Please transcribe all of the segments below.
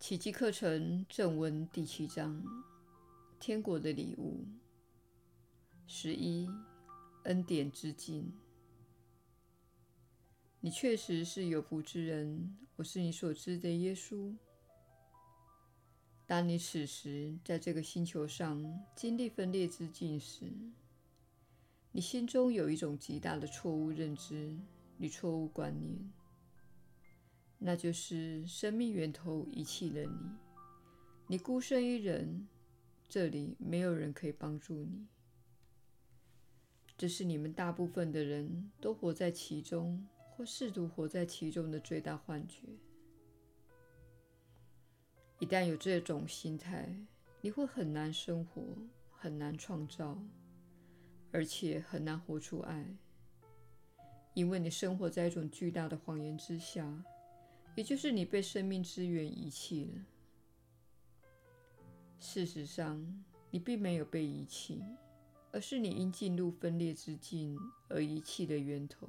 奇蹟課程正文第七章：天國的禮物。十一，恩典之境。你確實是有福之人，我是你所知的耶穌。當你此時在這個星球上經歷分裂之境時，你心中有一種極大的錯誤認知與錯誤觀念。那就是生命源頭遺棄了你，你孤身一人，這裡沒有人可以幫助你。這是你們大部分的人都活在其中，或試圖活在其中的最大幻覺。一旦有這種心態，你會很難生活，很難創造，而且很難活出愛，因為你生活在一種巨大的謊言之下。也就是你被生命之源遺棄了。事實上，你並沒有被遺棄，而是你因進入分裂之境而遺棄了源頭。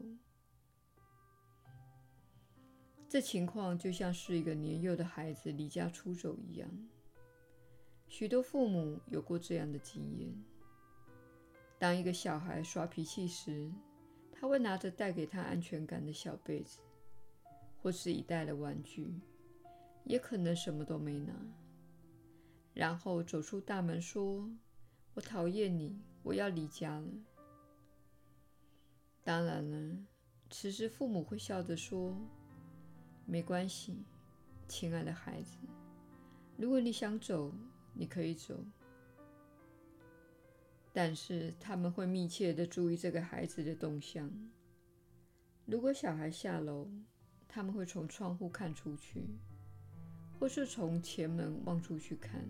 這情況就像是一個年幼的孩子離家出走一樣。許多父母有過這樣的經驗：當一個小孩耍脾氣時，他會拿着帶給他安全感的小被子。或是一袋的玩具，也可能什麼都沒拿，然後走出大門，說：“我討厭你，我要離家了。”當然了，此時父母會笑着說：“沒關係，親愛的孩子，如果你想走，你可以走。”但是他們會密切地注意這個孩子的動向。如果小孩下樓，他們會從窗戶看出去，或是從前門望出去看，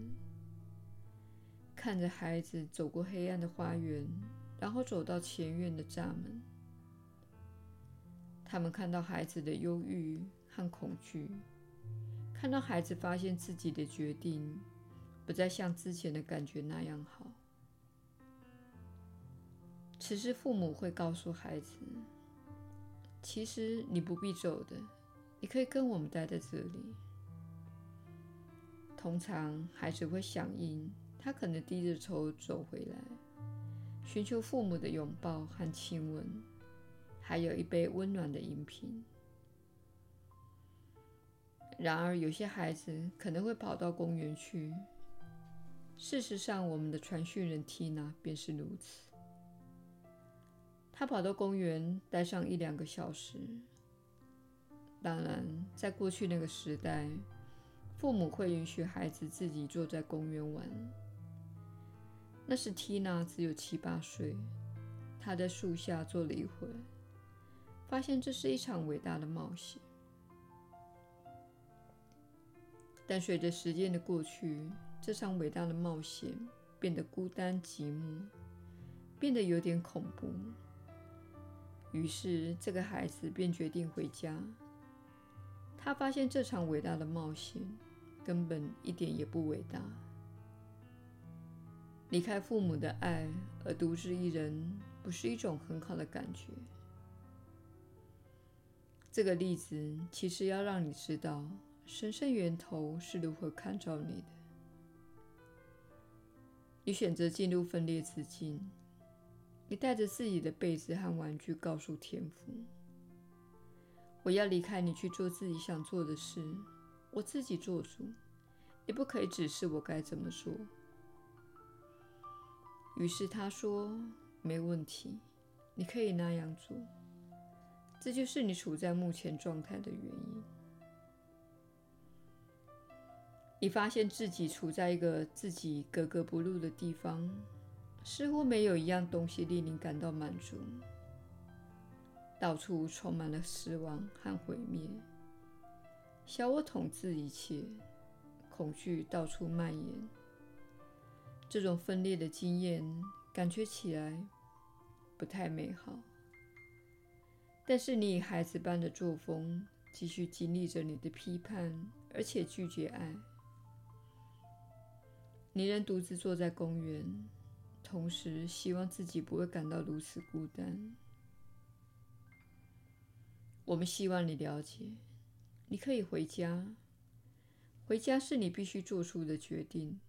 看着孩子走過黑暗的花園，然後走到前院的柵門。他們看到孩子的猶豫和恐懼，看到孩子發現自己的決定不再像之前的感覺那樣好。此時，父母會告訴孩子。其實你不必走的，你可以跟我們待在這裡。通常孩子會響應，他可能低着頭走回來，尋求父母的擁抱和親吻，還有一杯溫暖的飲品。然而，有些孩子可能會跑到公園去。事實上，我們的傳訊人蒂娜便是如此。他跑到公園待上一兩個小時。當然，在過去那個時代，父母會允許孩子自己坐在公園玩。那時，蒂娜只有七八歲，她在樹下坐了一會兒，發現這是一場偉大的冒險。但隨着時間的過去，這場偉大的冒險變得孤單寂寞，變得有點恐怖。於是，這個孩子便決定回家。他發現這場偉大的冒險根本一點也不偉大。離開父母的愛而獨自一人，不是一種很好的感覺。這個例子其實要讓你知道，神聖源頭是如何看照你的。你選擇進入分裂之境。你帶着自己的被子和玩具，告訴天父：“我要離開你去做自己想做的事，我自己做主，你不可以指示我該怎麼做。”於是他說：“沒問題，你可以那樣做。”這就是你處在目前狀態的原因。你發現自己處在一個自己格格不入的地方。似乎沒有一樣東西令你感到滿足，到處充滿了死亡和毀滅，小我統治一切，恐懼到處蔓延。這種分裂的經驗感覺起來不太美好，但是你以孩子般的作風繼續經歷着你的批判，而且拒絕愛。你仍獨自坐在公園。同時，希望自己不會感到如此孤單。我們希望你了解，你可以回家。回家是你必須做出的決定，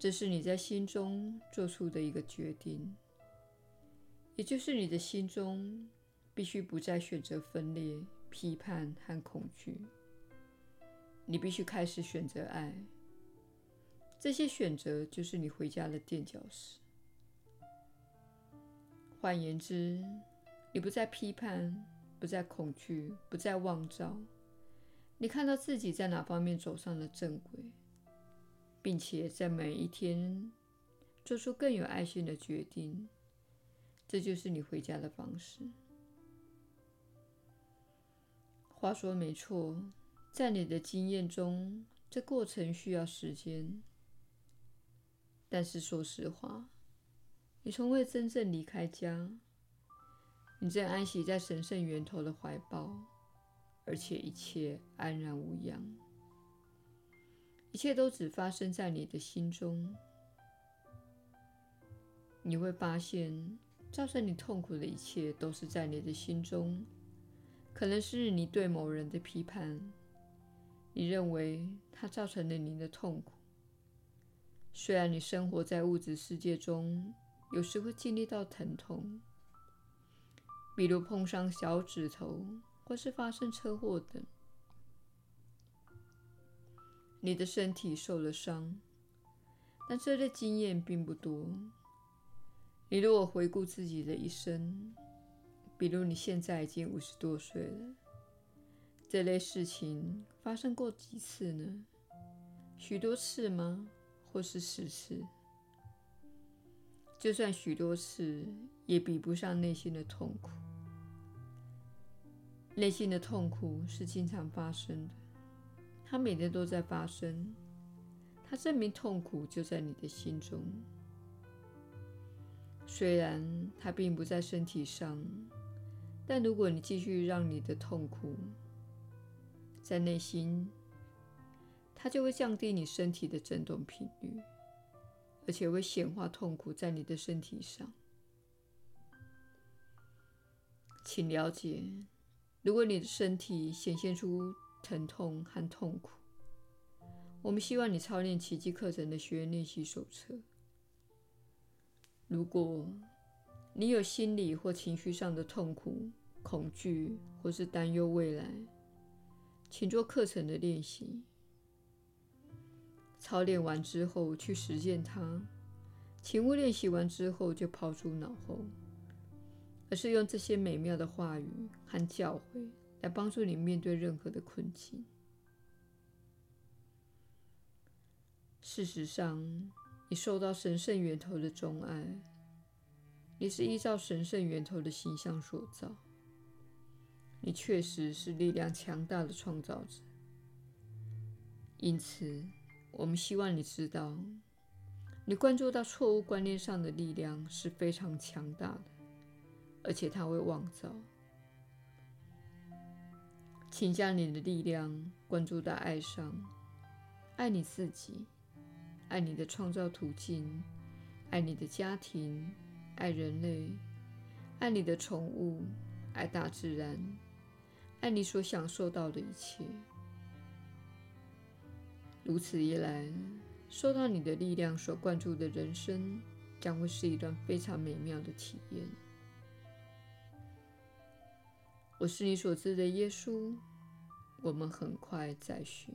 這是你在心中做出的一個決定，也就是你的心中必須不再選擇分裂、批判和恐懼。你必須開始選擇愛。這些選擇就是你回家的墊腳石。換言之，你不再批判，不再恐懼，不再妄造。你看到自己在哪方面走上了正軌，並且在每一天做出更有愛心的決定，這就是你回家的方式。話說沒錯，在你的經驗中，這過程需要時間。但是，說實話，你從未真正離開家。你正安息在神聖源頭的懷抱，而且一切安然無恙。一切都只發生在你的心中。你會發現，造成你痛苦的一切都是在你的心中。可能是你對某人的批判，你認為它造成了你的痛苦。雖然你生活在物質世界中，有時會經歷到疼痛，比如碰傷小指頭，或是發生車禍等，你的身體受了傷。但這類經驗並不多。你如果回顧自己的一生，比如你現在已經五十多歲了，這類事情發生過幾次呢？許多次嗎？或是十次？就算許多次，也比不上內心的痛苦。內心的痛苦是經常發生的，它每天都在發生。它證明痛苦就在你的心中，雖然它並不在身體上，但如果你繼續讓你的痛苦在內心。它就會降低你身體的振動頻率，而且會顯化痛苦在你的身體上。請了解，如果你的身體顯現出疼痛和痛苦，我們希望你操練奇蹟課程的學員練習手冊。如果你有心理或情緒上的痛苦、恐懼或是擔憂未來，請做課程的練習。操練完之後去實踐它，請勿練習完之後就拋諸腦後，而是用這些美妙的話語和教誨來幫助你面對任何的困境。事實上，你受到神聖源頭的鍾愛，你是依照神聖源頭的形象所造，你確實是力量強大的創造者，因此。我們希望你知道，你灌注到錯誤觀念上的力量是非常強大的，而且它會妄造。請將你的力量灌注到愛上，愛你自己，愛你的創造途徑，愛你的家庭，愛人類，愛你的寵物，愛大自然，愛你所享受到的一切。如此一來，受到你的力量所灌注的人生將會是一段非常美妙的體驗。我是你所知的耶穌，我們很快再敘。